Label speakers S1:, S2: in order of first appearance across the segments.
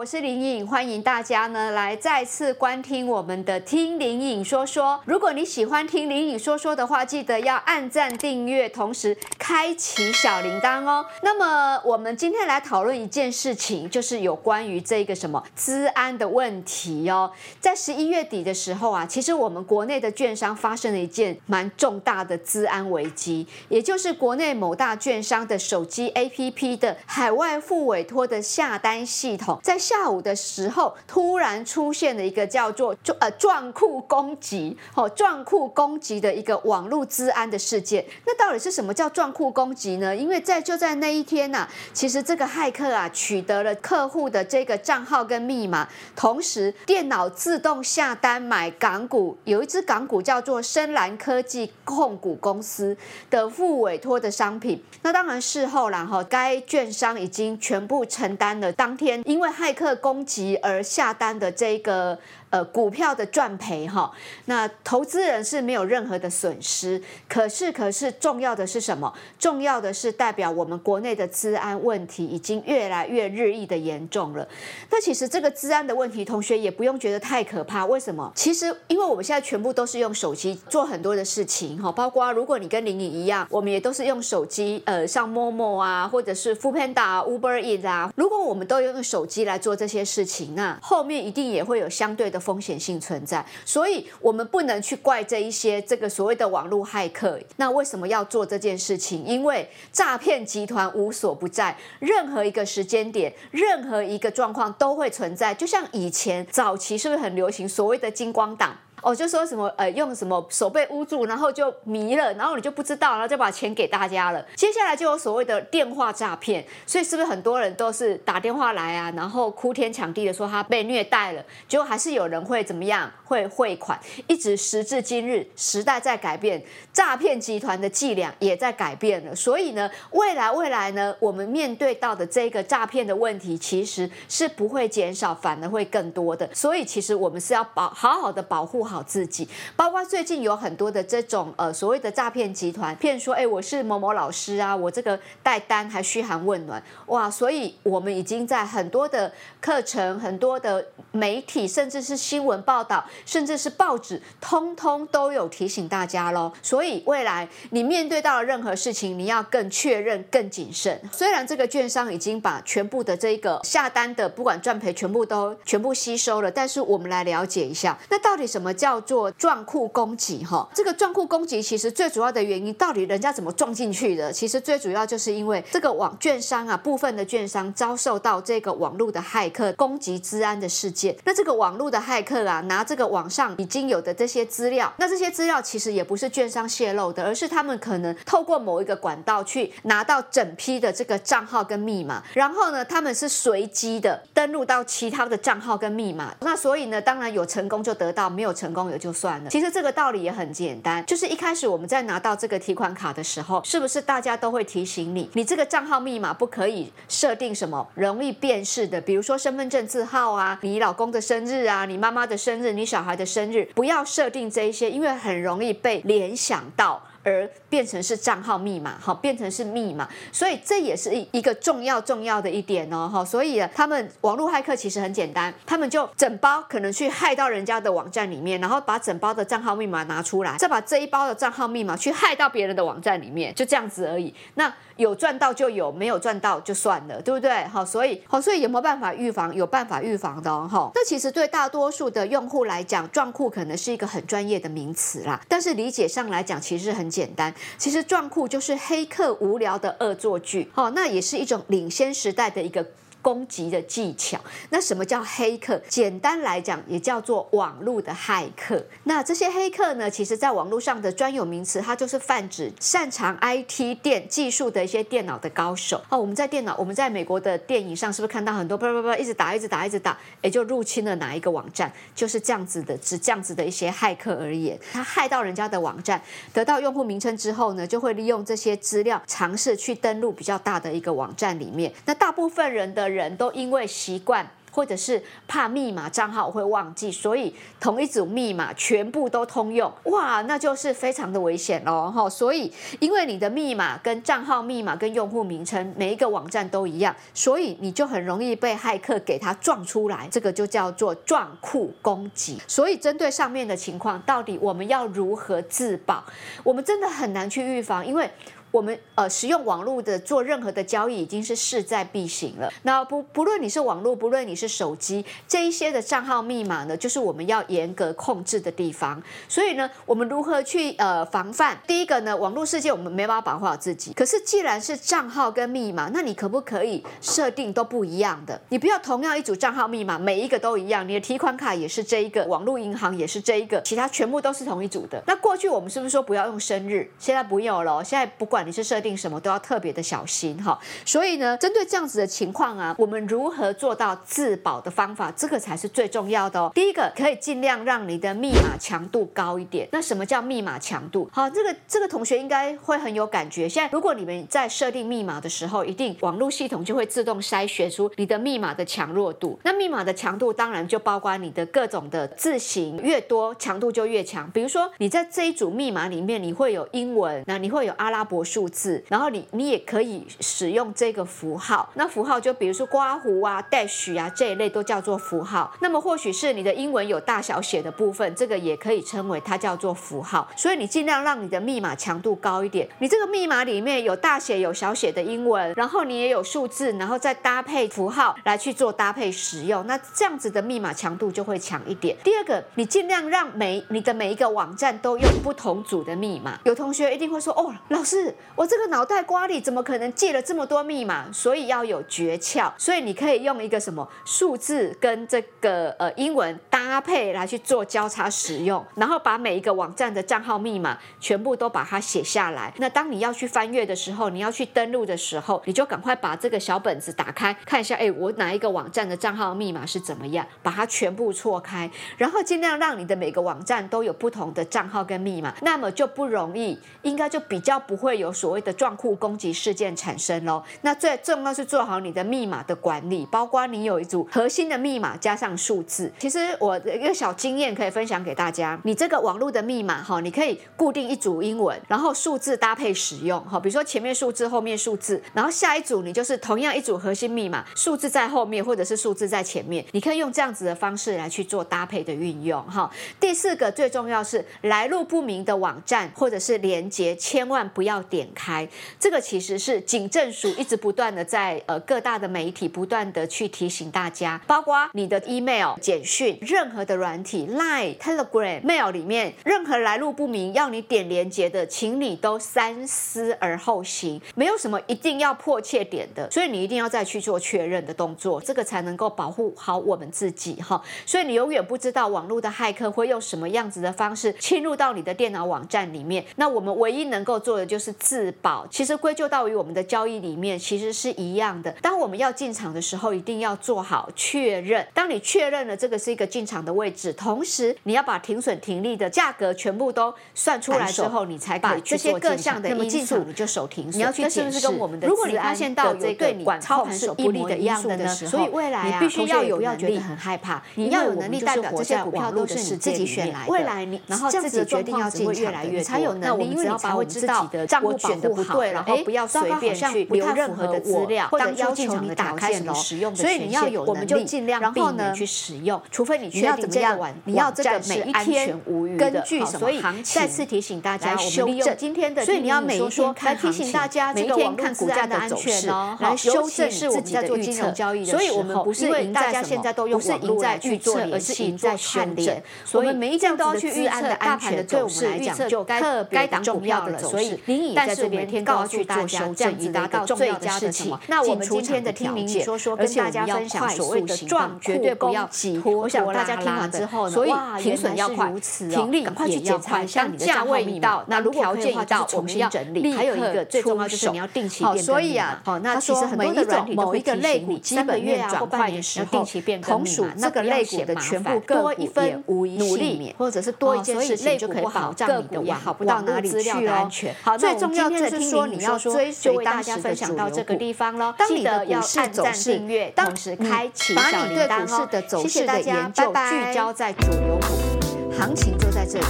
S1: 我是林穎，歡迎大家呢來再次觀聽我們的《聽林穎說說》。如果你喜歡聽林穎說說的話，記得要按讚、訂閱，同時開啟小鈴鐺哦。那麼，我們今天來討論一件事情，就是有關於這個什麼資安的問題哦。在十一月底的時候啊，其實我們國內的券商發生了一件蠻重大的資安危機，也就是國內某大券商的手機 APP 的海外複委托的下單系統在，下午的時候，突然出現了一個叫做“呃撞庫攻擊”哦，撞庫攻擊的一個網絡資安的事件。那到底是什麼叫撞庫攻擊呢？因為在就在那一天呢、啊，其實這個駭客啊，取得了客戶的這個賬號跟密碼，同時電腦自動下單買港股，有一隻港股叫做深藍科技控股公司的付委托的商品。那當然事後了哈、哦，該券商已經全部承擔了當天因為駭。駭客攻擊而下單的這個。呃，股票的賺賠哈，那投資人是沒有任何的損失。可是，可是重要的是什麼？重要的是代表我們國內的資安問題已經越來越日益的嚴重了。那其實這個資安的問題，同學也不用覺得太可怕。為什麼？其實因為我們現在全部都是用手機做很多的事情哈，包括如果你跟林穎一樣，我們也都是用手機呃，像 Momo 啊，或者是 Foodpanda 啊，Uber Eats 啊。如果我們都用手機來做這些事情，那後面一定也會有相對的。風險性存在，所以我們不能去怪這一些這個所謂的網絡駭客。那為什麼要做這件事情？因為詐騙集團無所不在，任何一個時間點，任何一個狀況都會存在。就像以前早期是不是很流行所謂的金光黨？哦，就說什麼呃，用什麼手被捂住，然後就迷了，然後你就不知道，然後就把錢給大家了。接下來就有所謂的電話詐騙，所以是不是很多人都是打電話來啊，然後哭天搶地的說他被虐待了，結果還是有人會怎麼樣，會匯款，一直時至今日，時代在改變，詐騙集團的伎倆也在改變了。所以呢，未來未來呢，我們面對到的這個詐騙的問題其實是不會減少，反而會更多的。所以其實我們是要保好好的保護。好自己，包括最近有很多的這種呃所謂的詐騙集團騙說，哎、欸，我是某某老師啊，我這個帶單還噓寒問暖，哇！所以我們已經在很多的課程、很多的媒體，甚至是新聞報道，甚至是報紙，通通都有提醒大家嘍。所以未來你面對到任何事情，你要更確認、更謹慎。雖然這個券商已經把全部的這一個下單的不管賺賠，全部都全部吸收了，但是我們來了解一下，那到底什麼？叫做撞庫攻擊，哈，這個撞庫攻擊其實最主要的原因，到底人家怎麼撞進去的？其實最主要就是因為這個網券商啊，部分的券商遭受到這個網絡的駭客攻擊、資安的事件。那這個網絡的駭客啊，拿這個網上已經有的這些資料，那這些資料其實也不是券商洩露的，而是他們可能透過某一個管道去拿到整批的這個賬號跟密碼，然後呢，他們是隨機的登錄到其他的賬號跟密碼。那所以呢，當然有成功就得到，沒有成。成功也就算了，其實這個道理也很簡單，就是一開始我們在拿到這個提款卡的時候，是不是大家都會提醒你，你這個賬號密碼不可以設定什麼容易辨識的，比如說身份證字號啊，你老公的生日啊，你媽媽的生日，你小孩的生日，不要設定這些，因為很容易被聯想到。而變成是賬號密碼，好，變成是密碼，所以這也是一一個重要重要的一點哦，所以他們網絡駭客其實很簡單，他們就整包可能去駭到人家的網站裡面，然後把整包的賬號密碼拿出來，再把這一包的賬號密碼去駭到別人的網站裡面，就這樣子而已。那有賺到就有，沒有賺到就算了，對不對？好，所以好，所以有沒有辦法預防？有辦法預防的，哦。那其實對大多數的用戶來講，撞庫可能是一個很專業的名詞啦，但是理解上來講，其實很。簡單，其實撞庫就是黑客無聊的惡作劇，哦，那也是一種領先時代的一個。攻擊的技巧，那什麼叫黑客？簡單來講，也叫做網絡的駭客。那這些黑客呢，其實在網絡上的專有名詞，它就是泛指擅長 IT 電技術的一些電腦的高手。哦，我們在電腦，我們在美國的電影上，是不是看到很多叭叭叭，一直打，一直打，一直打，也、欸、就入侵了哪一個網站？就是這樣子的，只這樣子的一些駭客而言，他駭到人家的網站，得到用戶名稱之後呢，就會利用這些資料，嘗試去登錄比較大的一個網站裡面。那大部分人的。人都因為習慣，或者是怕密碼賬號會忘記，所以同一組密碼全部都通用，哇，那就是非常的危險哦！吼，所以，因為你的密碼跟賬號密碼跟用戶名稱每一個網站都一樣，所以你就很容易被駭客給他撞出來，這個就叫做撞庫攻擊。所以，針對上面的情況，到底我們要如何自保？我們真的很難去預防，因為，我們呃使用網絡的做任何的交易已經是勢在必行了。那不不論你是網絡，不論你是手機，這一些的賬號密碼呢，就是我們要嚴格控制的地方。所以呢，我們如何去呃防範？第一個呢，網絡世界我們沒辦法保護好自己。可是，既然是賬號跟密碼，那你可不可以設定都不一樣的？你不要同樣一組賬號密碼，每一個都一樣。你的提款卡也是這一個，網絡銀行也是這一個，其他全部都是同一組的。那過去我們是不是說不要用生日？現在不用了，現在不管，你是設定什麼都要特別的小心哈、哦，所以呢，針對這樣子的情況啊，我們如何做到自保的方法，這個才是最重要的哦。第一個可以盡量讓你的密碼強度高一點。那什麼叫密碼強度？好，這個這個同學應該會很有感覺。現在如果你們在設定密碼的時候，一定網絡系統就會自動篩選出你的密碼的強弱度。那密碼的強度當然就包括你的各種的字形越多，強度就越強。比如說你在這一組密碼裡面，你會有英文，那你會有阿拉伯。數字，然後你你也可以使用這個符號，那符號就比如說括弧啊、dash 啊，這一類都叫做符號。那麼或許是你的英文有大小寫的部分，這個也可以稱為它叫做符號。所以你盡量讓你的密碼強度高一點，你這個密碼裡面有大寫有小寫的英文，然後你也有數字，然後再搭配符號來去做搭配使用，那這樣子的密碼強度就會強一點。第二個，你盡量讓每你的每一個網站都用不同組的密碼。有同學一定會說，哦，老師。我、哦、這個腦袋瓜裡怎麼可能記了這麼多密碼？所以要有訣竅，所以你可以用一個什麼數字跟這個呃英文。搭配來去做交叉使用，然後把每一個網站的賬號密碼全部都把它寫下來。那當你要去翻閱的時候，你要去登錄的時候，你就趕快把這個小本子打開看一下。誒、欸，我哪一個網站的賬號密碼是怎麼樣？把它全部錯開，然後盡量讓你的每個網站都有不同的賬號跟密碼，那麼就不容易，應該就比較不會有所謂的撞庫攻擊事件產生咯。那最重要是做好你的密碼的管理，包括你有一組核心的密碼加上數字。其實我。一個小經驗可以分享給大家：你這個網絡的密碼哈，你可以固定一組英文，然後數字搭配使用哈，比如說前面數字後面數字，然後下一組你就是同樣一組核心密碼，數字在後面或者是數字在前面，你可以用這樣子的方式來去做搭配的運用哈。第四個最重要是來路不明的網站或者是鏈接，千萬不要點開。這個其實是警政署一直不斷的在呃各大的媒體不斷的去提醒大家，包括你的 email、簡訊任。任何的軟體，Line、Telegram、Mail 裡面，任何來路不明要你點連結的，請你都三思而後行。沒有什麼一定要迫切點的，所以你一定要再去做確認的動作，這個才能夠保護好我們自己哈。所以你永遠不知道網絡的駭客會用什麼樣子的方式侵入到你的電腦網站裡面。那我們唯一能夠做的就是自保。其實歸咎到於我們的交易裡面，其實是一樣的。當我們要進場的時候，一定要做好確認。當你確認了這個是一個進場。的位置，同時你要把停損停利的價格全部都算出來之後，你才可以把這些各項的因素，那麼記住，你就手停，你要去檢視。如果你發現到這個對你操盤是不利的樣子的時候，所以未來、啊、你必須要有同學不要覺得很害怕。你要有能力代表這些股票都是你自己選來的，未來你，然後自己決定要進場的，你才有能力。因為老板會知道賬戶選不對，然後不要隨便、哎、去留任何的資料，或者要求你打開什麼使用的。所以你要有能力，然後呢去使用，除非你。要怎麼樣？你要真的每一天根據什麼，所以再次提醒大家，我們利用今天的每一時來提醒大家，每一天看股價的安全來修正自己做交易的預測。所以，我們不是贏在什麼？不是在預測，而是正在訓練。所以，每一項都要去預測大盤的走勢。對我們來講，就特別的重要了。所以，但是每一天都大家做修正，以達到最佳的事情。那我們今天的聽林穎說說，跟大家分享所謂的狀況。我想大家。聽完之後呢，所以停損要快，哦、停利快趕快去檢查，要像價位到那，如果條件一到重新整理。還有一個，、啊個，的個，哦個哦、最重要就是你要定期變更。所以啊，好，那其實每一個某一個類股，基本面轉快的時候，同屬這個類股的全部多一分無一幸免，或者是多一件事情，就可以保障你的網路資料的安全。好，那我們今天聽林穎說說就為大家分享到這個地方嘍。記得要按讚訂閱，同時開啟小鈴鐺哦。謝謝大家，拜拜。聚焦在主流股，行情就在這裡。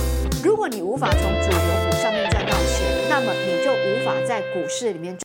S1: 如果你無法從主流股上面賺到錢，那麼你就無法在股市裡面。